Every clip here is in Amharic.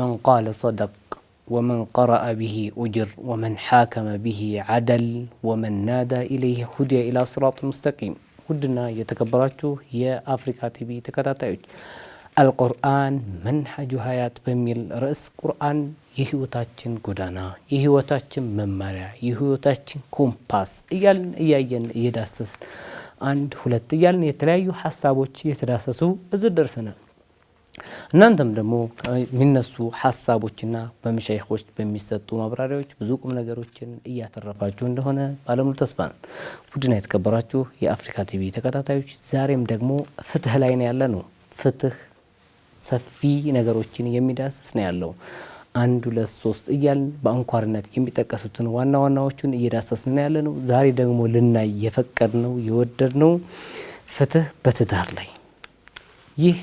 من قال صدق ومن قرأ به أجر ومن حاكم به عدل ومن نادى إليه هدي إلى صراط مستقيم هدنا يتكبراتو يا أفريكا تيبي تكتاتيوش القرآن منحج حياة بميل رأس القرآن يهو تاتشن قدانا يهو تاتشن ممارع يهو تاتشن كومباس إيالن إيالن يداسس عند هلت إيالن يتلايو حسابوش يتداسسو إزدرسنا درسنا እናንተም ደግሞ የሚነሱ ሀሳቦችና በመሻይኮች በሚሰጡ ማብራሪያዎች ብዙ ቁም ነገሮችን እያተረፋችሁ እንደሆነ ባለሙሉ ተስፋ ነን። ቡድና የተከበራችሁ የአፍሪካ ቲቪ ተከታታዮች ዛሬም ደግሞ ፍትህ ላይ ነው ያለ ነው። ፍትህ ሰፊ ነገሮችን የሚዳስስ ነው ያለው። አንድ ሁለት ሶስት እያልን በአንኳርነት የሚጠቀሱትን ዋና ዋናዎቹን እየዳሰስን ነው ያለ ነው። ዛሬ ደግሞ ልናይ የፈቀድ ነው የወደድ ነው ፍትህ በትዳር ላይ ይህ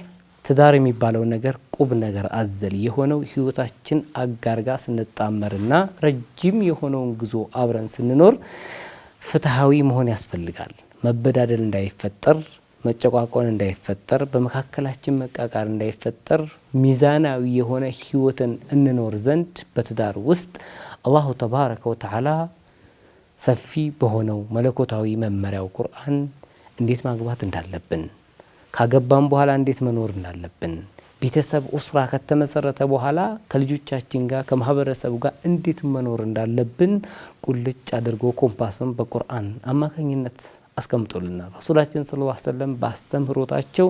ትዳር የሚባለው ነገር ቁብ ነገር አዘል የሆነው ህይወታችን አጋርጋ ስንጣመርና ረጅም የሆነውን ጉዞ አብረን ስንኖር ፍትሐዊ መሆን ያስፈልጋል። መበዳደል እንዳይፈጠር፣ መጨቋቆን እንዳይፈጠር፣ በመካከላችን መቃቃር እንዳይፈጠር ሚዛናዊ የሆነ ህይወትን እንኖር ዘንድ በትዳር ውስጥ አላሁ ተባረከ ወተዓላ ሰፊ በሆነው መለኮታዊ መመሪያው ቁርአን እንዴት ማግባት እንዳለብን ካገባም በኋላ እንዴት መኖር እንዳለብን ቤተሰብ ኡስራ ከተመሰረተ በኋላ ከልጆቻችን ጋር ከማህበረሰቡ ጋር እንዴት መኖር እንዳለብን ቁልጭ አድርጎ ኮምፓስም በቁርአን አማካኝነት አስቀምጦልናል። ረሱላችን ሰለላሁ ዐለይሂ ወሰለም በአስተምህሮታቸው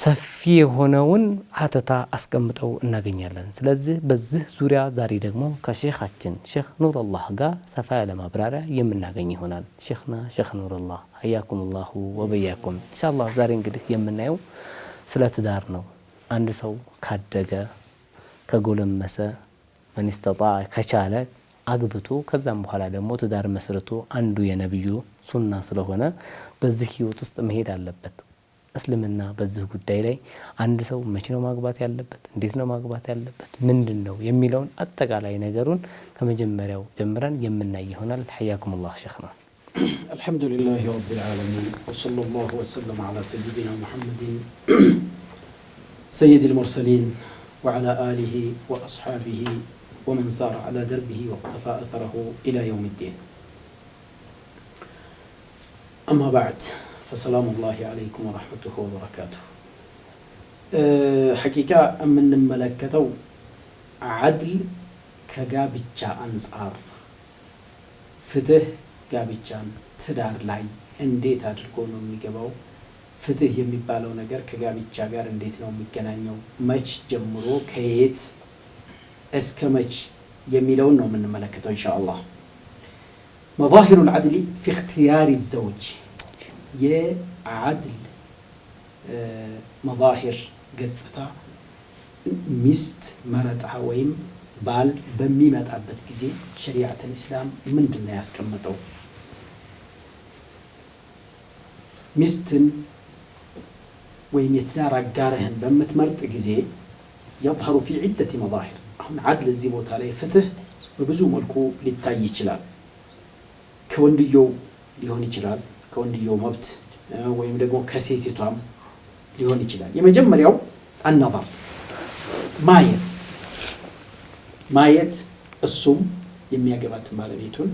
ሰፊ የሆነውን ሀተታ አስቀምጠው እናገኛለን። ስለዚህ በዚህ ዙሪያ ዛሬ ደግሞ ከሼኻችን ሼክ ኑረላህ ጋር ሰፋ ያለ ማብራሪያ የምናገኝ ይሆናል። ሼክና ሼክ ኑረላህ ሀያኩም ላሁ ወበያኩም። እንሻላ ዛሬ እንግዲህ የምናየው ስለ ትዳር ነው። አንድ ሰው ካደገ ከጎለመሰ መንስተጣ ከቻለ አግብቶ ከዛም በኋላ ደግሞ ትዳር መስርቶ አንዱ የነብዩ ሱና ስለሆነ በዚህ ህይወት ውስጥ መሄድ አለበት። እስልምና በዚህ ጉዳይ ላይ አንድ ሰው መቼ ነው ማግባት ያለበት እንዴት ነው ማግባት ያለበት ምንድን ነው የሚለውን አጠቃላይ ነገሩን ከመጀመሪያው ጀምረን የምናይ ይሆናል ሐያኩም ላ ሸክ ነው الحمد لله رب العالمين وصلى الله وسلم على سيدنا محمد سيد المرسلين وعلى آله وأصحابه ومن سار على دربه واقتفى أثره إلى يوم الدين أما بعد ፈሰላሙላሂ አለይኩም ወረሕመቱሁ ወበረካቱሁ። ሐቂቃ የምንመለከተው አድል ከጋብቻ አንጻር ፍትህ ጋብቻን ትዳር ላይ እንዴት አድርጎ ነው የሚገባው? ፍትህ የሚባለው ነገር ከጋብቻ ጋር እንዴት ነው የሚገናኘው? መች ጀምሮ ከየት እስከ መች የሚለውን ነው የምንመለከተው ኢንሻ አላህ መዛሂሩል አድሊ ፊ እክትያሪ ዘውጅ የአድል መዛሂር ገጽታ ሚስት መረጣ ወይም ባል በሚመጣበት ጊዜ ሸሪዓትን ኢስላም ምንድን ነው ያስቀመጠው? ሚስትን ወይም የትዳር አጋርህን በምትመርጥ ጊዜ የظهሩ ፊ ዒደቲ መዛሂር አሁን አድል እዚህ ቦታ ላይ ፍትህ በብዙ መልኩ ሊታይ ይችላል። ከወንድየው ሊሆን ይችላል ከወንድየው መብት ወይም ደግሞ ከሴቲቷም ሊሆን ይችላል። የመጀመሪያው አናባር ማየት ማየት እሱም የሚያገባትን ባለቤቱን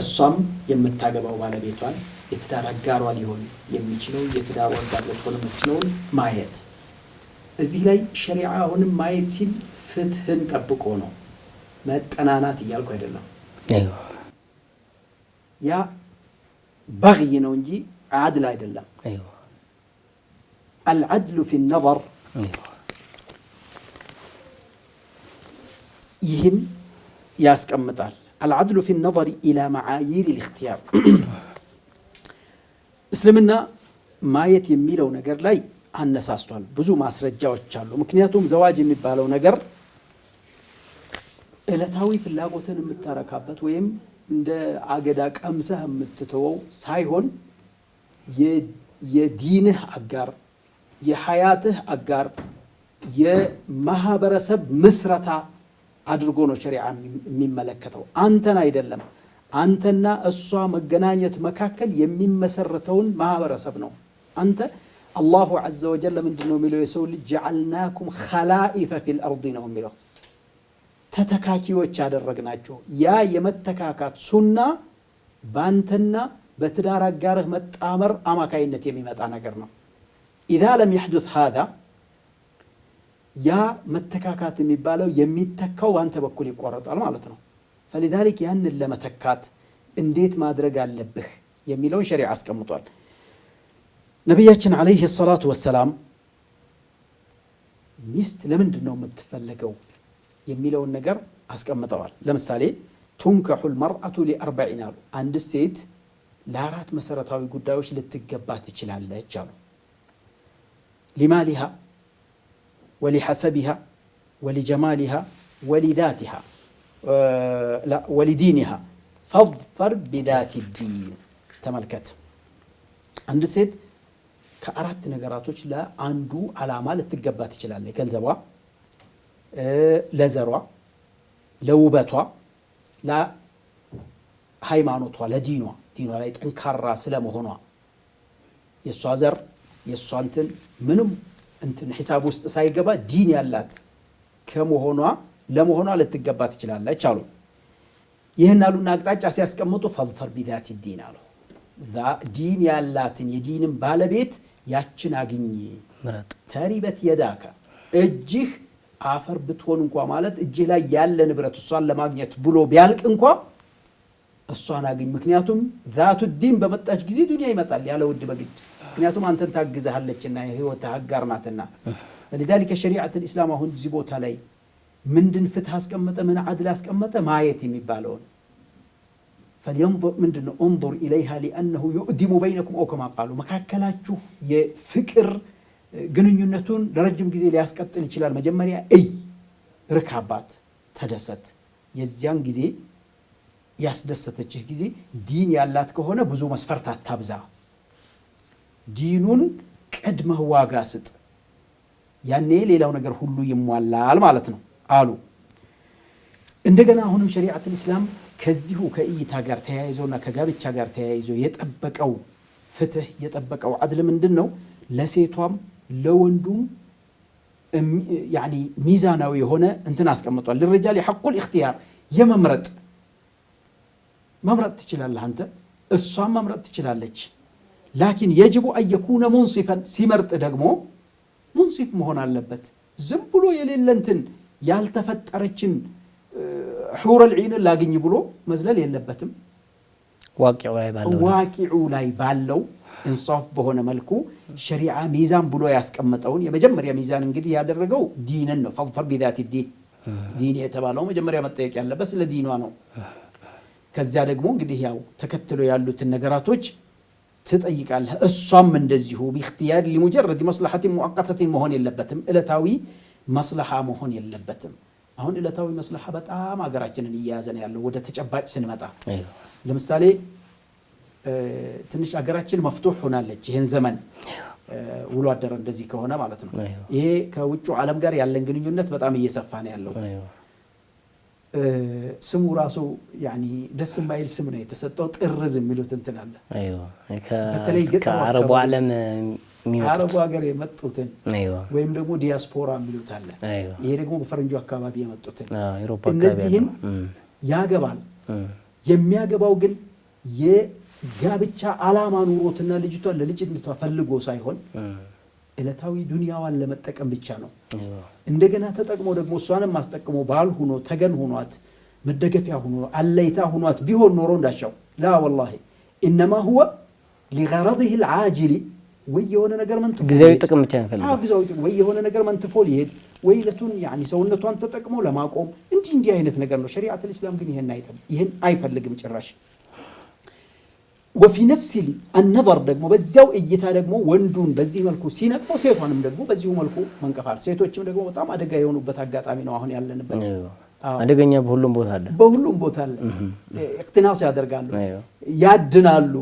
እሷም የምታገባው ባለቤቷን የትዳር አጋሯ ሊሆን የሚችለው የትዳር አጋር ልትሆን የምትችለውን ማየት። እዚህ ላይ ሸሪዓ አሁንም ማየት ሲል ፍትህን ጠብቆ ነው፣ መጠናናት እያልኩ አይደለም። ያ በግይ ነው እንጂ አድል አይደለም። አልዐድሉ ፊ ነበር ይህም ያስቀምጣል። አልዐድሉ ፊ ነበር ኢላ መዓይር ልእክትያር እስልምና ማየት የሚለው ነገር ላይ አነሳስቷል። ብዙ ማስረጃዎች አሉ። ምክንያቱም ዘዋጅ የሚባለው ነገር እለታዊ ፍላጎትን የምታረካበት ወይም እንደ አገዳ ቀምሰህ የምትተወው ሳይሆን የዲንህ አጋር፣ የሀያትህ አጋር፣ የማህበረሰብ ምስረታ አድርጎ ነው ሸሪዓ የሚመለከተው አንተን አይደለም። አንተና እሷ መገናኘት መካከል የሚመሰረተውን ማህበረሰብ ነው። አንተ አላሁ ዐዘ ወጀል ለምንድን ነው የሚለው የሰው ልጅ ጀዐልናኩም ኸላኢፈ ፊል አርዲ ነው የሚለው ተተካኪዎች አደረግናቸው። ያ የመተካካት ሱና በአንተና በትዳር አጋርህ መጣመር አማካይነት የሚመጣ ነገር ነው። ኢዛ ለም የሕዱት ሃዛ ያ መተካካት የሚባለው የሚተካው በአንተ በኩል ይቆረጣል ማለት ነው። ፈሊዛሊክ ያንን ለመተካት እንዴት ማድረግ አለብህ የሚለውን ሸሪዓ አስቀምጧል። ነቢያችን ዓለይሂ ሰላቱ ወሰላም ሚስት ለምንድን ነው የምትፈለገው? የሚለውን ነገር አስቀምጠዋል። ለምሳሌ ቱንከሑል መርአቱ ሊአርበዒን አሉ። አንድ ሴት ለአራት መሰረታዊ ጉዳዮች ልትገባ ትችላለች አሉ። ሊማሊሃ ወሊሐሰቢሃ ወሊጀማሊሃ ወሊዛቲሃ ወሊዲኒሃ ፈዝፈር ቢዛቲ ዲን። ተመልከት አንድ ሴት ከአራት ነገራቶች ለአንዱ ዓላማ ልትገባ ትችላለች። ገንዘቧ ለዘሯ፣ ለውበቷ፣ ለሃይማኖቷ፣ ለዲኗ ዲኗ ላይ ጠንካራ ስለመሆኗ የእሷ ዘር የእሷ እንትን ምንም እንትን ሒሳብ ውስጥ ሳይገባ ዲን ያላት ከመሆኗ ለመሆኗ ልትገባ ትችላለች አሉ። ይህን አሉና አቅጣጫ ሲያስቀምጡ ፈዝፈር ቢዛት ዲን አሉ። ዲን ያላትን የዲንን ባለቤት ያችን አግኝ ተሪበት የዳከ እጅህ አፈር ብትሆን እንኳ ማለት እጅህ ላይ ያለ ንብረት እሷን ለማግኘት ብሎ ቢያልቅ እንኳ እሷን አግኝ። ምክንያቱም ዛቱ ዲን በመጣች ጊዜ ዱንያ ይመጣል ያለ ውድ በግድ ምክንያቱም አንተን ታግዝሃለችና የህይወት አጋር ናትና። ለዛሊከ ሸሪዓት ልእስላም አሁን እዚህ ቦታ ላይ ምንድን ፍትህ አስቀመጠ፣ ምን አድል አስቀመጠ ማየት የሚባለውን ፈልየንظር ምንድን ነው እንظር ኢለይሃ ሊአነሁ ዩዕዲሙ በይነኩም አው ከማ ቃሉ መካከላችሁ የፍቅር ግንኙነቱን ለረጅም ጊዜ ሊያስቀጥል ይችላል። መጀመሪያ እይ፣ ርካባት፣ ተደሰት። የዚያን ጊዜ ያስደሰተችህ ጊዜ ዲን ያላት ከሆነ ብዙ መስፈርት አታብዛ። ዲኑን ቀድመህ ዋጋ ስጥ። ያኔ ሌላው ነገር ሁሉ ይሟላል ማለት ነው አሉ። እንደገና አሁንም ሸሪዓት ኢስላም ከዚሁ ከእይታ ጋር ተያይዞና ከጋብቻ ጋር ተያይዞ የጠበቀው ፍትህ የጠበቀው አድል ምንድን ነው? ለሴቷም ለወንዱም ሚዛናዊ የሆነ እንትን አስቀምጧል። ልረጃል የሐቁል እክትያር የመምረጥ መምረጥ ትችላለህ አንተ፣ እሷም መምረጥ ትችላለች። ላኪን የጅቡ አየኩነ ሙንሲፈን ሲመርጥ ደግሞ ሙንሲፍ መሆን አለበት። ዝም ብሎ የሌለንትን ያልተፈጠረችን ሑረል ዒንን ላግኝ ብሎ መዝለል የለበትም። ዋቂዑ ላይ ባለው እንሷፍ በሆነ መልኩ ሸሪዓ ሚዛን ብሎ ያስቀመጠውን የመጀመሪያ ሚዛን እንግዲህ ያደረገው ዲንን ነው። ፈድፈር ቢዛቲ ዲን ዲን የተባለው መጀመሪያ መጠየቅ ያለበት ስለ ዲኗ ነው። ከዚያ ደግሞ እንግዲህ ያው ተከትሎ ያሉትን ነገራቶች ትጠይቃለህ። እሷም እንደዚሁ ቢክትያር ሊሙጀረድ መስላሐትን ሙአቀተትን መሆን የለበትም። እለታዊ መስላሓ መሆን የለበትም። አሁን እለታዊ መስላሓ በጣም ሀገራችንን እየያዘን ያለው ወደ ተጨባጭ ስንመጣ ለምሳሌ ትንሽ አገራችን መፍቱሕ ሆናለች። ይህን ዘመን ውሎ አደረ እንደዚህ ከሆነ ማለት ነው። ይሄ ከውጭ ዓለም ጋር ያለን ግንኙነት በጣም እየሰፋ ነው ያለው። ስሙ ራሱ ደስ የማይል ስም ነው የተሰጠው፣ ጥርዝ የሚሉት እንትን አለ። በተለይ ከአረቡ ዓለም አረቡ ሀገር የመጡትን ወይም ደግሞ ዲያስፖራ የሚሉት አለ። ይሄ ደግሞ በፈረንጆ አካባቢ የመጡትን እነዚህን ያገባል። የሚያገባው ግን ጋብቻ አላማ ኑሮትና ልጅቷን ለልጅነቷ ፈልጎ ሳይሆን እለታዊ ዱንያዋን ለመጠቀም ብቻ ነው። እንደገና ተጠቅሞ ደግሞ እሷንም አስጠቅሞ ባል ሁኖ ተገን ሁኗት መደገፊያ ሁኖ አለይታ ሁኗት ቢሆን ኖሮ እንዳሻው ላ ወላሂ ኢነማ ሁወ ሊገረድህ ልዓጅሊ ወይ የሆነ ነገር መንትፎ ጊዜያዊ ጥቅም ብቻ ያፈልጋል። ጊዜያዊ ጥቅም ወይ የሆነ ነገር መንትፎ ሊሄድ ወይ ለቱን ያኒ ሰውነቷን ተጠቅሞ ለማቆም እንዲህ እንዲህ አይነት ነገር ነው። ሸሪዓት ልእስላም ግን ይሄን አይፈልግም ጭራሽ። ወፊ ነፍሲል አነበር ደግሞ በዚያው እይታ ደግሞ ወንዱን በዚህ መልኩ ሲነቅፈው ሴቷንም ደግሞ በዚሁ መልኩ መንቀፋል። ሴቶችም ደግሞ በጣም አደጋ የሆኑበት አጋጣሚ ነው አሁን ያለንበት። አደገኛ በሁሉም ቦታ አለ፣ በሁሉም ቦታ አለ። እቅትናስ ያደርጋሉ፣ ያድናሉ፣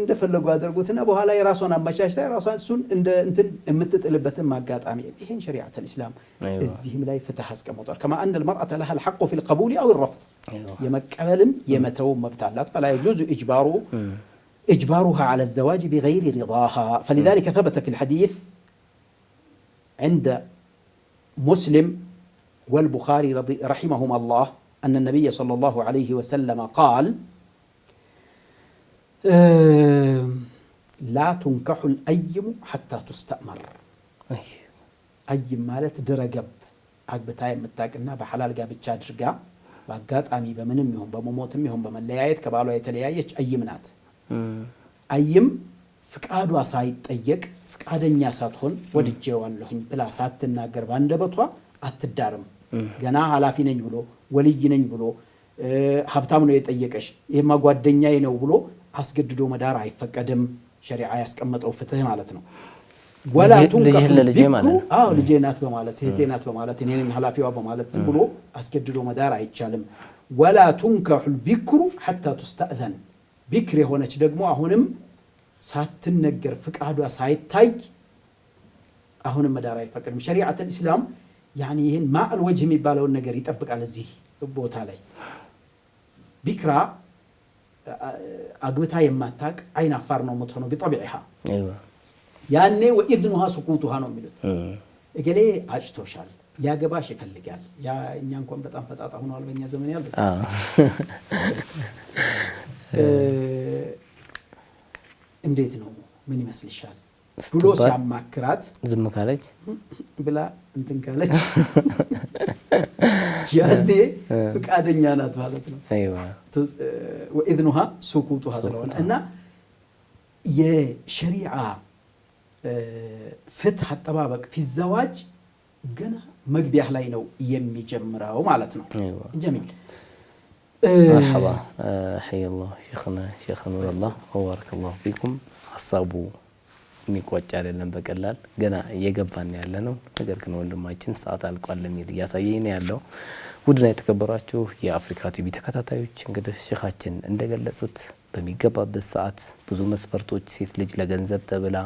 እንደፈለጉ ያደርጉትና በኋላ የራሷን አመቻችታ የራሷን እሱን እንደ እንትን የምትጥልበትም አጋጣሚ ይሄን ሸሪዓት አልኢስላም እዚህም ላይ ፍትህ አስቀምጧል። ከማ አነ ልመርአተ ለሃ ልሐቁ ፊ ልቀቡል አው ረፍት የመቀበልም የመተውም መብት አላት። ፈላ የጁዙ እጅባሩ እጅባሩሃ ዐለ ዘዋጅ ቢገይሪ ሪዳሃ ፈሊዛሊከ ተበተ ፊ ልሐዲስ ዐንደ ሙስሊም والبخاري رضي رحمهما الله أن النبي صلى الله عليه وسلم قال لا تنكح الأيم حتى تستأمر أيوه. أيم مالت درقب متاك متاقنا بحلال قاب التشادرقا بقات أمي بمن أميهم بمموت أميهم بمن ليايت كبالو يتليايت أيمنات أيم فكادوا سايت أيك فكادن ياساتهم ودجيوان لهم بلا ساتنا قربان دبطوا أتدارم ገና ኃላፊ ነኝ ብሎ ወልይ ነኝ ብሎ ሀብታም ነው የጠየቀሽ ይህማ ጓደኛዬ ነው ብሎ አስገድዶ መዳር አይፈቀድም። ሸሪዓ ያስቀመጠው ፍትህ ማለት ነው። ልጄ ናት በማለት እህቴ ናት በማለት እኔ ነኝ ኃላፊዋ በማለት ዝም ብሎ አስገድዶ መዳር አይቻልም። ወላ ቱንካሑል ቢክሩ ሐታ ቱስተእዘን ቢክር የሆነች ደግሞ አሁንም ሳትነገር ፍቃዷ ሳይታይ አሁንም መዳር አይፈቀድም ሸሪዓተል ኢስላም ያኔ ይህን ማዕል ወጅ የሚባለውን ነገር ይጠብቃል። እዚህ ቦታ ላይ ቢክራ አግብታ የማታቅ አይን አፋር ነው የምትሆነው። ቢጠቢዕሃ ያኔ ወኢድኑሃ ስኩቱሃ ነው የሚሉት። እገሌ አጭቶሻል፣ ሊያገባሽ ይፈልጋል። ያ እኛ እንኳን በጣም ፈጣጣ ሆነዋል በእኛ ዘመን ያሉ እንዴት ነው? ምን ይመስልሻል? ብሎ ሲያማክራት ዝም ካለች ብላ እንትን ካለች ያኔ ፍቃደኛ ናት ማለት ነው። ወኢዝኑሃ ሱኩቱሃ ስለሆነ እና የሸሪዓ ፍትህ አጠባበቅ ፊዘዋጅ ገና መግቢያ ላይ ነው የሚጀምረው ማለት ነው። ጀሚል መርሐባ ሐየላሁ ሼኽና ሼኽ ኑረላህ ወባረከላሁ ፊኩም ሀሳቡ የሚቋጭ አይደለም። በቀላል ገና እየገባን ያለ ነው። ነገር ግን ወንድማችን ሰዓት አልቋል ለሚል እያሳየኝ ነው ያለው። ውድና የተከበራችሁ የአፍሪካ ቲቪ ተከታታዮች እንግዲህ ሼኻችን እንደገለጹት በሚገባበት ሰዓት ብዙ መስፈርቶች ሴት ልጅ ለገንዘብ ተብላ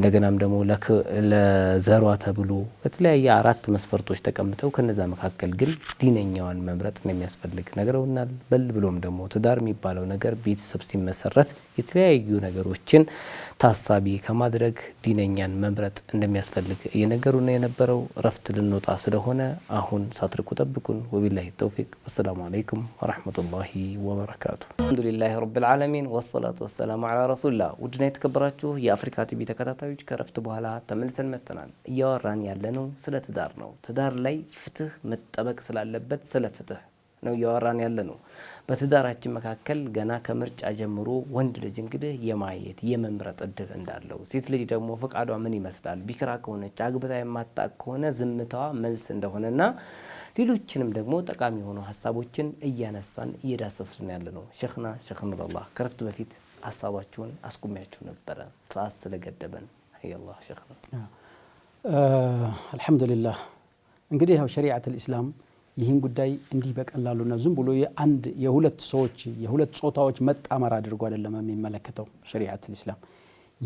እንደገናም ደግሞ ለዘሯ ተብሎ በተለያየ አራት መስፈርቶች ተቀምጠው ከነዛ መካከል ግን ዲነኛዋን መምረጥ እንደሚያስፈልግ ነግረውናል። በል ብሎም ደግሞ ትዳር የሚባለው ነገር ቤተሰብ ሲመሰረት የተለያዩ ነገሮችን ታሳቢ ከማድረግ ዲነኛን መምረጥ እንደሚያስፈልግ እየነገሩ ነው የነበረው። እረፍት ልንወጣ ስለሆነ አሁን ሳትርቁ ጠብቁን። ወቢላሂ ተውፊቅ። አሰላሙ አለይኩም ወረህመቱላሂ ወበረካቱ። አልሐምዱሊላሂ ረብል ዓለሚን ወሰላቱ ወሰላሙ ዓላ ረሱሊላህ። ውድና የተከበራችሁ የአፍሪካ ቲቪ ተከታታዮች ተከታታዮች ከረፍት በኋላ ተመልሰን መጥተናል። እያወራን ያለነው ስለ ትዳር ነው። ትዳር ላይ ፍትህ መጠበቅ ስላለበት ስለ ፍትህ ነው እያወራን ያለ ነው። በትዳራችን መካከል ገና ከምርጫ ጀምሮ ወንድ ልጅ እንግዲህ የማየት የመምረጥ እድል እንዳለው፣ ሴት ልጅ ደግሞ ፈቃዷ ምን ይመስላል ቢክራ ከሆነች አግብታ የማታቅ ከሆነ ዝምታዋ መልስ እንደሆነና ሌሎችንም ደግሞ ጠቃሚ የሆኑ ሀሳቦችን እያነሳን እየዳሰስን ያለ ነው። ሸክና ሸይኽ ኑረላህ ከረፍት በፊት ሀሳባችሁን አስቁሚያችሁ ነበረ ሰዓት ስለገደበን አልሐምዱሊላህ እንግዲህ ያው ሸሪዓት ልእስላም ይህን ጉዳይ እንዲህ በቀላሉና ዝም ብሎ የአንድ የሁለት ሰዎች የሁለት ጾታዎች መጣመር አድርጎ አይደለም የሚመለከተው። ሸሪዓት ልእስላም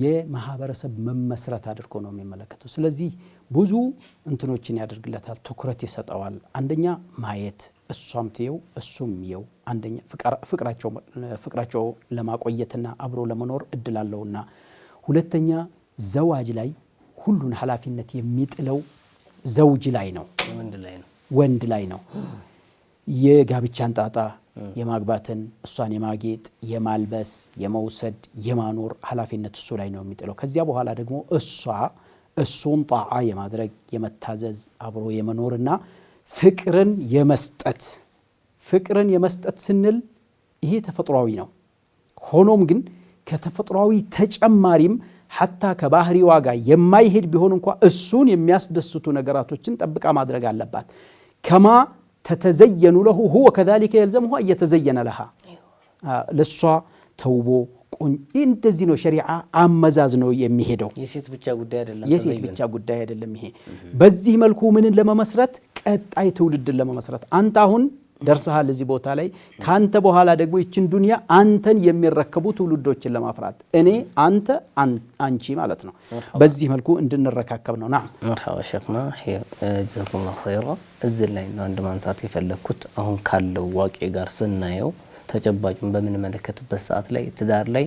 የማህበረሰብ መመስረት አድርጎ ነው የሚመለከተው። ስለዚህ ብዙ እንትኖችን ያደርግለታል፣ ትኩረት ይሰጠዋል። አንደኛ ማየት እሷም ትየው እሱም የው አንደኛ ፍቅራቸው ለማቆየትና አብሮ ለመኖር እድል አለውና፣ ሁለተኛ ዘዋጅ ላይ ሁሉን ኃላፊነት የሚጥለው ዘውጅ ላይ ነው፣ ወንድ ላይ ነው። የጋብቻን ጣጣ የማግባትን እሷን የማጌጥ የማልበስ የመውሰድ የማኖር ኃላፊነት እሱ ላይ ነው የሚጥለው። ከዚያ በኋላ ደግሞ እሷ እሱን ጣዓ የማድረግ የመታዘዝ አብሮ የመኖርና ፍቅርን የመስጠት ፍቅርን የመስጠት ስንል ይሄ ተፈጥሯዊ ነው። ሆኖም ግን ከተፈጥሯዊ ተጨማሪም ሐታ ከባህሪዋ ጋር የማይሄድ ቢሆን እንኳ እሱን የሚያስደስቱ ነገራቶችን ጠብቃ ማድረግ አለባት። ከማ ተተዘየኑ ለሁ ሁወ ከዛሊከ የልዘምሁ እየተዘየነ ለሃ ለሷ ተውቦ እንደዚህ ነው ሸሪዓ አመዛዝ ነው የሚሄደው። የሴት ብቻ ጉዳይ አይደለም፣ የሴት ብቻ ጉዳይ አይደለም። ይሄ በዚህ መልኩ ምንን ለመመስረት ቀጣይ ትውልድን ለመመስረት አንተ አሁን ደርሰሃል እዚህ ቦታ ላይ። ካንተ በኋላ ደግሞ ይችን ዱንያ አንተን የሚረከቡ ትውልዶችን ለማፍራት እኔ፣ አንተ፣ አንቺ ማለት ነው። በዚህ መልኩ እንድንረካከብ ነው። ና መርሐባ ሸክና ጀዛኩምላ ኸይራ። እዚህ ላይ አንድ ማንሳት የፈለግኩት አሁን ካለው ዋቄ ጋር ስናየው ተጨባጩን በምንመለከትበት ሰዓት ላይ ትዳር ላይ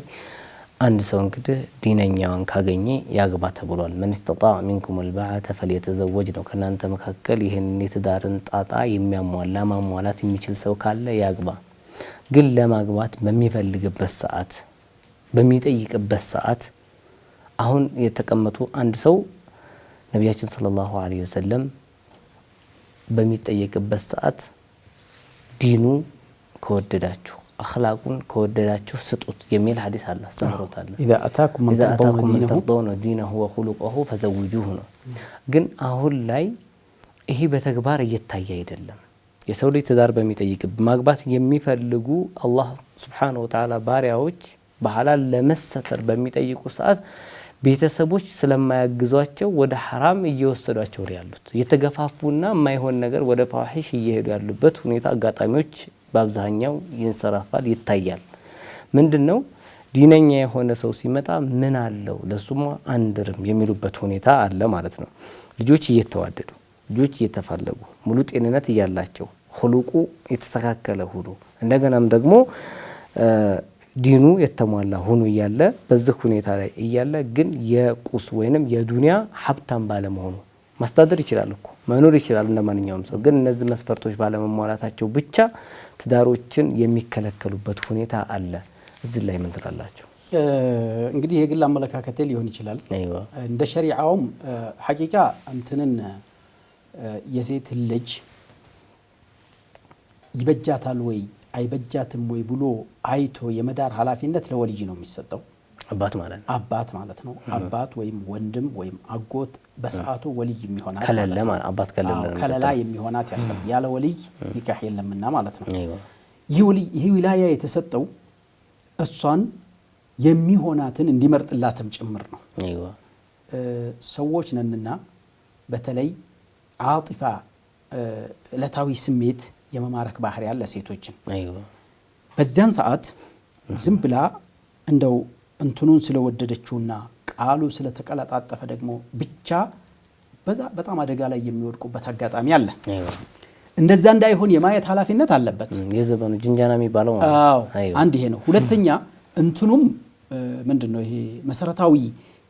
አንድ ሰው እንግዲህ ዲነኛዋን ካገኘ ያግባ ተብሏል። መን ስተጣ ሚንኩም ልባዓተ ፈልየተዘወጅ ነው። ከእናንተ መካከል ይህን የትዳርን ጣጣ የሚያሟላ ማሟላት የሚችል ሰው ካለ ያግባ። ግን ለማግባት በሚፈልግበት ሰዓት፣ በሚጠይቅበት ሰዓት አሁን የተቀመጡ አንድ ሰው ነቢያችን ሰለላሁ ዐለይሂ ወሰለም በሚጠየቅበት ሰዓት ዲኑ ከወደዳችሁ አክላቁን ከወደዳችሁ ስጡት የሚል ሀዲስ አለ፣ አስተምሮት ኢዛ አታኩም መን ዲነሁ ወኹሉቀሁ ፈዘውጁሁ ነው። ግን አሁን ላይ ይሄ በተግባር እየታየ አይደለም። የሰው ልጅ ትዳር በሚጠይቅ ማግባት የሚፈልጉ አላህ ሱብሓነሁ ወተዓላ ባሪያዎች በሐላል ለመሰተር በሚጠይቁ ሰዓት ቤተሰቦች ስለማያግዟቸው ወደ ሐራም እየወሰዷቸው ያሉት የተገፋፉና የማይሆን ነገር ወደ ፋዋሒሽ እየሄዱ ያሉበት ሁኔታ አጋጣሚዎች በአብዛኛው ይንሰራፋል፣ ይታያል። ምንድን ነው ዲነኛ የሆነ ሰው ሲመጣ ምን አለው ለሱማ አንድርም የሚሉበት ሁኔታ አለ ማለት ነው። ልጆች እየተዋደዱ ልጆች እየተፋለጉ ሙሉ ጤንነት እያላቸው ሁሉቁ የተስተካከለ ሁሉ እንደገናም ደግሞ ዲኑ የተሟላ ሁኑ እያለ በዚህ ሁኔታ ላይ እያለ ግን የቁስ ወይንም የዱንያ ሀብታም ባለመሆኑ ማስተዳደር ይችላል እኮ መኖር ይችላል እንደማንኛውም ሰው ግን እነዚህ መስፈርቶች ባለመሟላታቸው ብቻ ትዳሮችን የሚከለከሉበት ሁኔታ አለ። እዚህ ላይ ምን ትላላችሁ? እንግዲህ የግል አመለካከቴ ሊሆን ይችላል። እንደ ሸሪዓውም ሐቂቃ እንትንን የሴት ልጅ ይበጃታል ወይ አይበጃትም ወይ ብሎ አይቶ የመዳር ኃላፊነት ለወልጅ ነው የሚሰጠው። አባት ማለት ነው። አባት ማለት ነው። አባት ወይም ወንድም ወይም አጎት በሰዓቱ ወልይ የሚሆናት አባት ከለላ የሚሆናት ያስፈልግ ያለ ወልይ ኒካህ የለምና ማለት ነው። ይህ ዊላያ የተሰጠው እሷን የሚሆናትን እንዲመርጥላትም ጭምር ነው። ሰዎች ነንና በተለይ አጢፋ ዕለታዊ ስሜት የመማረክ ባህሪ ያለ ሴቶችን በዚያን ሰዓት ዝም ብላ እንደው እንትኑን ስለወደደችውና ቃሉ ስለተቀለጣጠፈ ደግሞ ብቻ በጣም አደጋ ላይ የሚወድቁበት አጋጣሚ አለ። እንደዛ እንዳይሆን የማየት ኃላፊነት አለበት። የዘበኑ ጅንጃና የሚባለው አንድ ይሄ ነው። ሁለተኛ እንትኑም ምንድን ነው ይሄ መሰረታዊ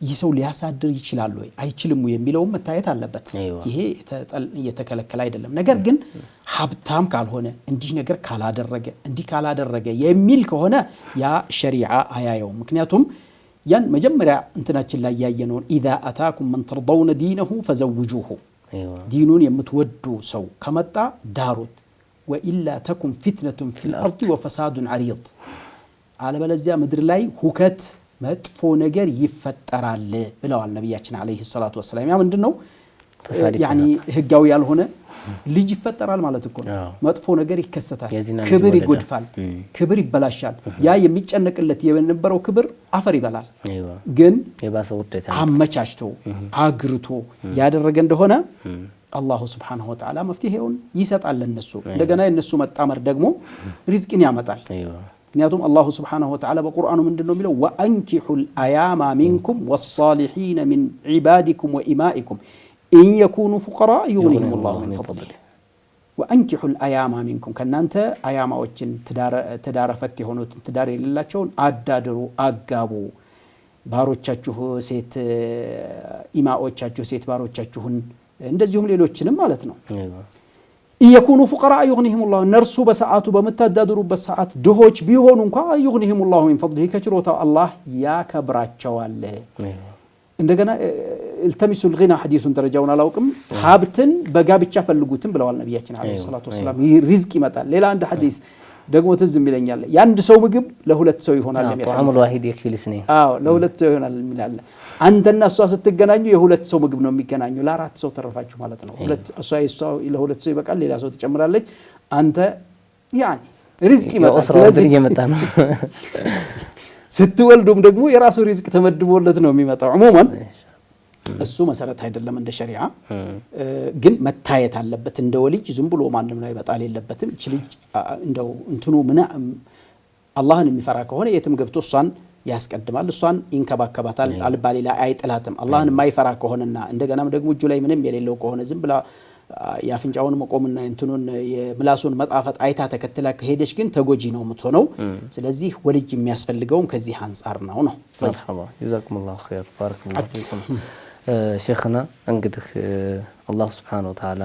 ይህ ሰው ሊያሳድር ይችላል ወይ አይችልም የሚለውም መታየት አለበት። ይሄ እየተከለከለ አይደለም። ነገር ግን ሀብታም ካልሆነ እንዲህ ነገር ካላደረገ እንዲህ ካላደረገ የሚል ከሆነ ያ ሸሪዓ አያየውም። ምክንያቱም ያን መጀመሪያ እንትናችን ላይ ያየነውን ኢዛ አታኩም መን ተርደውነ ዲነሁ ፈዘውጁሁ ዲኑን የምትወዱ ሰው ከመጣ ዳሩት፣ ወኢላ ተኩን ፊትነቱን ፊልአርድ ወፈሳዱን ዐሪድ አለበለዚያ ምድር ላይ ሁከት መጥፎ ነገር ይፈጠራል ብለዋል ነቢያችን ዓለይሂ ሰላቱ ወሰላም። ያ ምንድን ነው? ህጋዊ ያልሆነ ልጅ ይፈጠራል ማለት እኮ ነው። መጥፎ ነገር ይከሰታል። ክብር ይጎድፋል፣ ክብር ይበላሻል። ያ የሚጨነቅለት የነበረው ክብር አፈር ይበላል። ግን አመቻችቶ አግርቶ ያደረገ እንደሆነ አላሁ ስብሓነሁ ወተዓላ መፍትሄውን ይሰጣል ለነሱ። እንደገና የነሱ መጣመር ደግሞ ሪዝቅን ያመጣል። ምክንያቱም አላሁ ስብሓነሁ ወተዓላ በቁርአኑ ምንድን ነው የሚለው ወአንኪሑል አያማ ሚንኩም ወሳሊሒነ ሚን ዒባዲኩም ወኢማኢኩም ኢን የኩኑ ፉቀራ ዩግኒሂሙ ላሁ ሚን ፈድሊህ ወአንኪሑል አያማ ሚንኩም ከእናንተ አያማዎችን ትዳረፈት ፈት የሆኑትን ትዳር የሌላቸውን አዳድሩ፣ አጋቡ ባሮቻችሁ ሴት ኢማዎቻችሁ ሴት ባሮቻችሁን እንደዚሁም ሌሎችንም ማለት ነው። እየኩኑ ፉቀራ ዩግኒሂሙላህ እነርሱ በሰዓቱ በምታዳድሩበት ሰዓት ድሆች ቢሆኑ እንኳ ዩግኒሂሙላህ ሚን ፈድሊህ ከችሮታው አላህ ያከብራቸዋል። እንደገና እልተሚሱል ጊና ሐዲሱን ደረጃውን አላውቅም። ሀብትን በጋብቻ ፈልጉትን ብለዋል ነቢያችን ዓለይሂ ሰላቱ ወሰላም። ሪዝቅ ይመጣል። ሌላ አንድ ሐዲስ ደግሞ ትዝም ይለኛል። የአንድ ሰው ምግብ ለሁለት ሰው ይሆናል ለሁለት ሰው ይሆናል የሚላለ አንተና እሷ ስትገናኙ የሁለት ሰው ምግብ ነው የሚገናኙ። ለአራት ሰው ተረፋችሁ ማለት ነው። እሷ ለሁለት ሰው ይበቃል፣ ሌላ ሰው ትጨምራለች። አንተ ያኔ ሪዝቅ ይመጣል። ስትወልዱም ደግሞ የራሱ ሪዝቅ ተመድቦለት ነው የሚመጣው። ዕሙማን እሱ መሰረት አይደለም እንደ ሸሪያ ግን መታየት አለበት። እንደ ወልጅ ዝም ብሎ ማንም ላይ መጣል የለበትም። እች ልጅ እንደው እንትኑ ምና አላህን የሚፈራ ከሆነ የትም ገብቶ እሷን ያስቀድማል፣ እሷን ይንከባከባታል፣ አልባሌ ላይ አይጥላትም። አላህን የማይፈራ ከሆነና እንደገናም ደግሞ እጁ ላይ ምንም የሌለው ከሆነ ዝም ብላ የአፍንጫውን መቆምና እንትኑን የምላሱን መጣፈጥ አይታ ተከትላ ከሄደች ግን ተጎጂ ነው የምትሆነው። ስለዚህ ወልጅ የሚያስፈልገውም ከዚህ አንጻር ነው ነው። ጀዛኩሙላሁ ኸይር ባረከላሁ ሼኽና። እንግዲህ አላህ ሱብሓነሁ ወተዓላ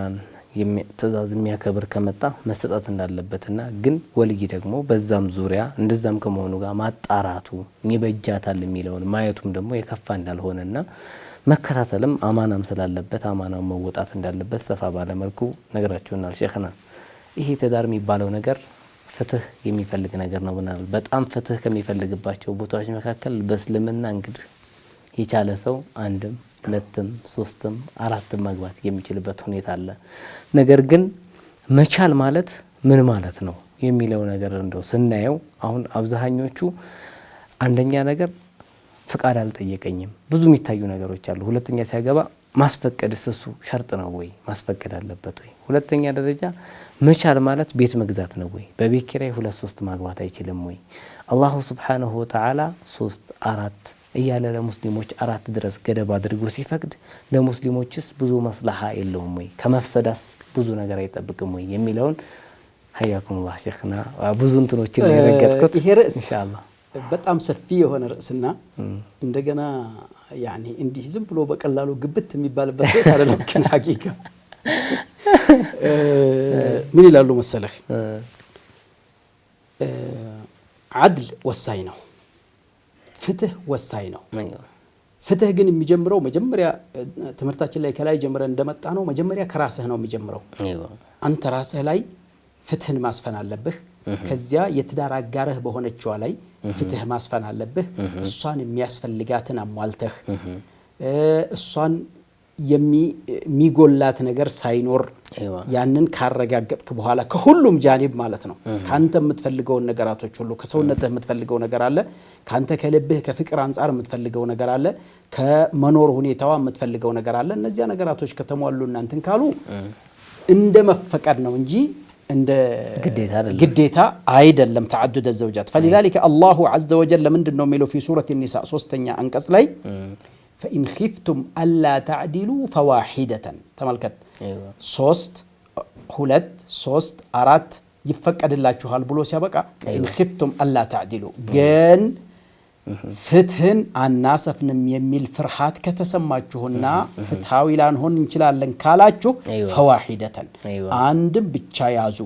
ትእዛዝ የሚያከብር ከመጣ መሰጠት እንዳለበትና ግን ወልይ ደግሞ በዛም ዙሪያ እንደዛም ከመሆኑ ጋር ማጣራቱ ይበጃታል የሚለውን ማየቱም ደግሞ የከፋ እንዳልሆነና መከታተልም አማናም ስላለበት አማናው መወጣት እንዳለበት ሰፋ ባለመልኩ ነገራችሁናል ሼክና። ይሄ ትዳር የሚባለው ነገር ፍትህ የሚፈልግ ነገር ነው ብናል። በጣም ፍትህ ከሚፈልግባቸው ቦታዎች መካከል በእስልምና እንግዲህ የቻለ ሰው አንድም ሁለትም ሶስትም አራትም መግባት የሚችልበት ሁኔታ አለ። ነገር ግን መቻል ማለት ምን ማለት ነው የሚለው ነገር እንደው ስናየው አሁን አብዛኞቹ አንደኛ ነገር ፍቃድ አልጠየቀኝም ብዙ የሚታዩ ነገሮች አሉ። ሁለተኛ ሲያገባ ማስፈቀድ ስሱ ሸርጥ ነው ወይ ማስፈቀድ አለበት ወይ? ሁለተኛ ደረጃ መቻል ማለት ቤት መግዛት ነው ወይ? በቤት ኪራይ ሁለት ሶስት ማግባት አይችልም ወይ? አላሁ ስብሓነሁ ወተዓላ ሶስት አራት እያለ ለሙስሊሞች አራት ድረስ ገደብ አድርጎ ሲፈቅድ ለሙስሊሞችስ ብዙ መስላሀ የለውም ወይ? ከመፍሰዳስ ብዙ ነገር አይጠብቅም ወይ? የሚለውን ሀያኩምላ ሼክና ብዙ እንትኖችን የረገጥኩት ይሄ ርዕስ በጣም ሰፊ የሆነ ርዕስና እንደገና ያኔ እንዲህ ዝም ብሎ በቀላሉ ግብት የሚባልበት ርዕስ አይደለም። ግን ሀቂቃ ምን ይላሉ መሰለህ፣ አድል ወሳኝ ነው። ፍትህ ወሳኝ ነው። ፍትህ ግን የሚጀምረው መጀመሪያ ትምህርታችን ላይ ከላይ ጀምረን እንደመጣ ነው። መጀመሪያ ከራስህ ነው የሚጀምረው። አንተ ራስህ ላይ ፍትህን ማስፈን አለብህ። ከዚያ የትዳር አጋርህ በሆነችዋ ላይ ፍትህ ማስፈን አለብህ። እሷን የሚያስፈልጋትን አሟልተህ እሷን የሚጎላት ነገር ሳይኖር ያንን ካረጋገጥክ በኋላ ከሁሉም ጃኒብ ማለት ነው። ከአንተ የምትፈልገውን ነገራቶች ሁሉ ከሰውነትህ የምትፈልገው ነገር አለ። ከአንተ ከልብህ ከፍቅር አንጻር የምትፈልገው ነገር አለ። ከመኖር ሁኔታዋ የምትፈልገው ነገር አለ። እነዚያ ነገራቶች ከተሟሉ እናንትን ካሉ እንደ መፈቀድ ነው እንጂ እንደ ግዴታ አይደለም። ተዓዱደ ዘውጃት ፈሊዛሊከ አላሁ ዐዘ ወጀል ለምንድን ነው የሚለው ፊ ሱረት ኒሳ ሶስተኛ አንቀጽ ላይ ፈኢን ኺፍቱም አላ ተዕዲሉ ፈዋሂደተን ተመልከት። ሶስት ሁለት ሶስት አራት ይፈቀድላችኋል ብሎ ሲያበቃ ፈኢን ኺፍቱም አላ ተዕዲሉ ግን ፍትህን አናሰፍንም የሚል ፍርሃት ከተሰማችሁና ፍትሐዊ ላንሆን እንችላለን ካላችሁ ፈዋሂደተን አንድም ብቻ ያዙ።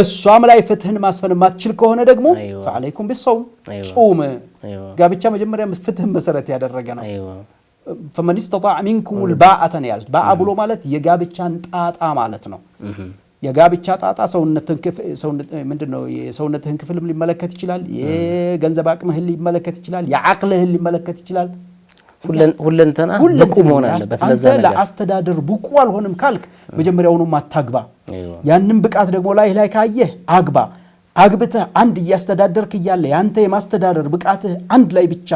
እሷም ላይ ፍትህን ማስፈን ማትችል ከሆነ ደግሞ ፈዓለይኩም ቢሰውም ጾም። ጋብቻ መጀመሪያ ፍትህን መሰረት ያደረገ ነው። ፈመን ስተጣዕ ሚንኩም ልባአተ ነው ያሉት። ባአ ብሎ ማለት የጋብቻን ጣጣ ማለት ነው። የጋብቻ ጣጣ የሰውነትህን ክፍልም ሊመለከት ይችላል። የገንዘብ አቅምህን ሊመለከት ይችላል። የአቅልህን ሊመለከት ይችላል። ሁለንተና ብቁ መሆን አለበት። አንተ ለአስተዳደር ብቁ አልሆንም ካልክ መጀመሪያውኑም አታግባ። ያንን ብቃት ደግሞ ላይ ላይ ካየህ አግባ። አግብተህ አንድ እያስተዳደርክ እያለ ያንተ የማስተዳደር ብቃትህ አንድ ላይ ብቻ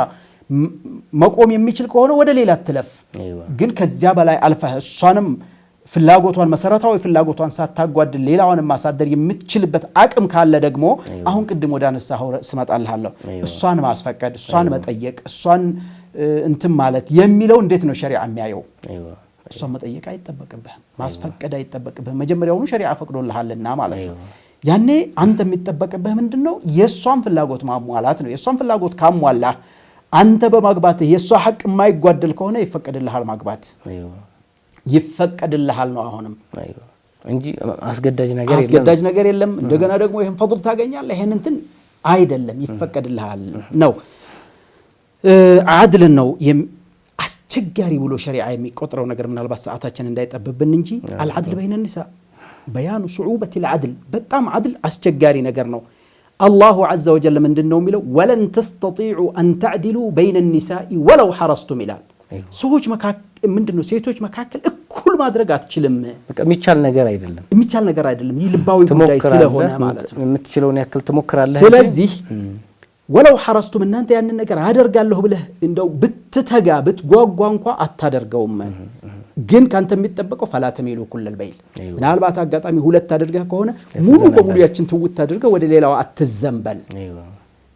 መቆም የሚችል ከሆነ ወደ ሌላ ትለፍ፣ ግን ከዚያ በላይ አልፈህ እሷንም ፍላጎቷን መሰረታዊ ፍላጎቷን ሳታጓድል ሌላዋንም ማሳደር የምትችልበት አቅም ካለ ደግሞ አሁን ቅድም ወደ አነሳኸው ስመጣልሃለሁ። እሷን ማስፈቀድ፣ እሷን መጠየቅ፣ እሷን እንትን ማለት የሚለው እንዴት ነው ሸሪዓ የሚያየው? እሷን መጠየቅ አይጠበቅብህም፣ ማስፈቀድ አይጠበቅብህም። መጀመሪያውኑ ሸሪዓ ፈቅዶልሃልና ማለት ነው። ያኔ አንተ የሚጠበቅብህ ምንድን ነው? የእሷን ፍላጎት ማሟላት ነው። የእሷን ፍላጎት ካሟላህ አንተ በማግባትህ የእሷ ሀቅ የማይጓደል ከሆነ ይፈቀድልሃል፣ ማግባት ይፈቀድልሃል ነው። አሁንም እንጂ አስገዳጅ ነገር አስገዳጅ ነገር የለም። እንደገና ደግሞ ይህን ፈል ታገኛለህ፣ ይህን እንትን አይደለም፣ ይፈቀድልሃል ነው። አድልን ነው አስቸጋሪ ብሎ ሸሪዓ የሚቆጥረው ነገር ምናልባት ሰዓታችን እንዳይጠብብን እንጂ አልዓድል በይነ ኒሳ በያኑ ሱዑበት ልዓድል በጣም አድል አስቸጋሪ ነገር ነው። አላሁ ዐዘ ወጀል ምንድን ነው የሚለው? ወለን ተስተጢዑ አን በይነ ኒሳኢ ወለው ሐረስቱም ይላል። ሰዎች ምንድን ነው ሴቶች መካከል እኩል ማድረግ አትችልም። የሚቻል ነገር አይደለም፣ የሚቻል ነገር አይደለም። ይህ ልባዊ ጉዳይ ስለሆነ ማለት ነው። የምትችለውን ያክል ትሞክራለህ። ስለዚህ ወለው ሐረስቱም እናንተ ያንን ነገር አደርጋለሁ ብለህ እንደው ብትተጋ ብትጓጓ እንኳ አታደርገውም። ግን ከአንተ የሚጠበቀው ፈላተሜሉ ኩለል በይል ምናልባት አጋጣሚ ሁለት አድርገህ ከሆነ ሙሉ በሙሉ ያችን ትውት አድርገህ ወደ ሌላዋ አትዘንበል።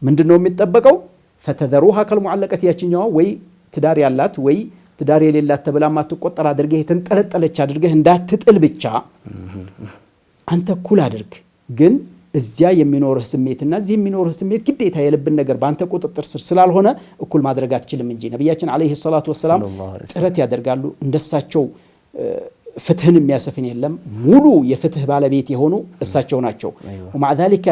ምንድን ነው የሚጠበቀው? ፈተዘሩሃ ከልሙዓለቀት ያችኛዋ ወይ ትዳር ያላት ወይ ትዳር የሌላት ተብላ ማትቆጠር አድርገህ የተንጠለጠለች አድርገህ እንዳትጥል ብቻ አንተ እኩል አድርግ ግን እዚያ የሚኖርህ ስሜትና እዚህ የሚኖርህ ስሜት ግዴታ የልብን ነገር በአንተ ቁጥጥር ስር ስላልሆነ እኩል ማድረግ አትችልም እንጂ ነቢያችን ዓለይሂ ሰላቱ ወሰላም ጥረት ያደርጋሉ። እንደሳቸው ፍትህን የሚያሰፍን የለም። ሙሉ የፍትህ ባለቤት የሆኑ እሳቸው ናቸው። ወማዕ ዛሊከ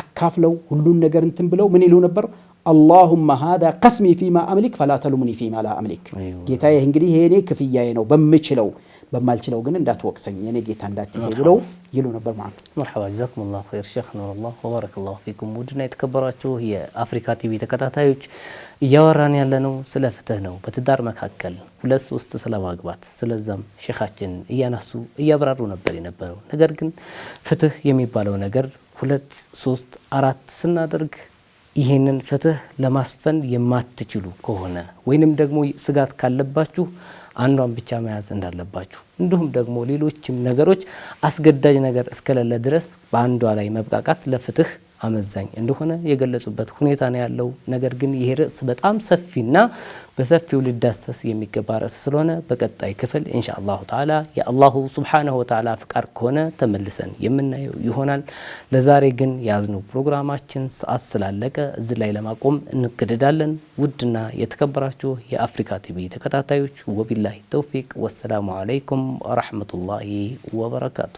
አካፍለው ሁሉን ነገር እንትን ብለው ምን ይሉ ነበር? አላሁመ ሃዛ ቀስሚ ፊማ አምሊክ ፈላ ተሉሙኒ ፊማ ላ አምሊክ። ጌታ እንግዲህ ይሄ እኔ ክፍያዬ ነው በምችለው በማልችለው ግን እንዳትወቅሰኝ የኔ ጌታ እንዳትይዘኝ ብለው ይሉ ነበር ማለት ነው። መርሐባ ጀዛኩሙላሁ ኸይር ሼክ ኑረላህ ወባረከላሁ ፊኩም። ውድና የተከበራችሁ የአፍሪካ ቲቪ ተከታታዮች እያወራን ያለነው ስለ ፍትህ ነው። በትዳር መካከል ሁለት ሶስት ስለማግባት ስለዛም ሼካችን እያነሱ እያብራሩ ነበር የነበረው። ነገር ግን ፍትህ የሚባለው ነገር ሁለት ሶስት አራት ስናደርግ ይህንን ፍትህ ለማስፈን የማትችሉ ከሆነ ወይንም ደግሞ ስጋት ካለባችሁ አንዷን ብቻ መያዝ እንዳለባችሁ እንዲሁም ደግሞ ሌሎችም ነገሮች አስገዳጅ ነገር እስከሌለ ድረስ በአንዷ ላይ መብቃቃት ለፍትህ አመዛኝ እንደሆነ የገለጹበት ሁኔታ ነው ያለው። ነገር ግን ይሄ ርዕስ በጣም ሰፊና በሰፊው ሊዳሰስ የሚገባ ርዕስ ስለሆነ በቀጣይ ክፍል ኢንሻ አላሁ ተዓላ የአላሁ ሱብሓነሁ ወተዓላ ፍቃድ ከሆነ ተመልሰን የምናየው ይሆናል። ለዛሬ ግን የያዝነው ፕሮግራማችን ሰዓት ስላለቀ እዚህ ላይ ለማቆም እንገደዳለን። ውድና የተከበራችሁ የአፍሪካ ቲቪ ተከታታዮች ወቢላሂ ተውፊቅ ወሰላሙ አለይኩም ወረሕመቱላሂ ወበረካቱ።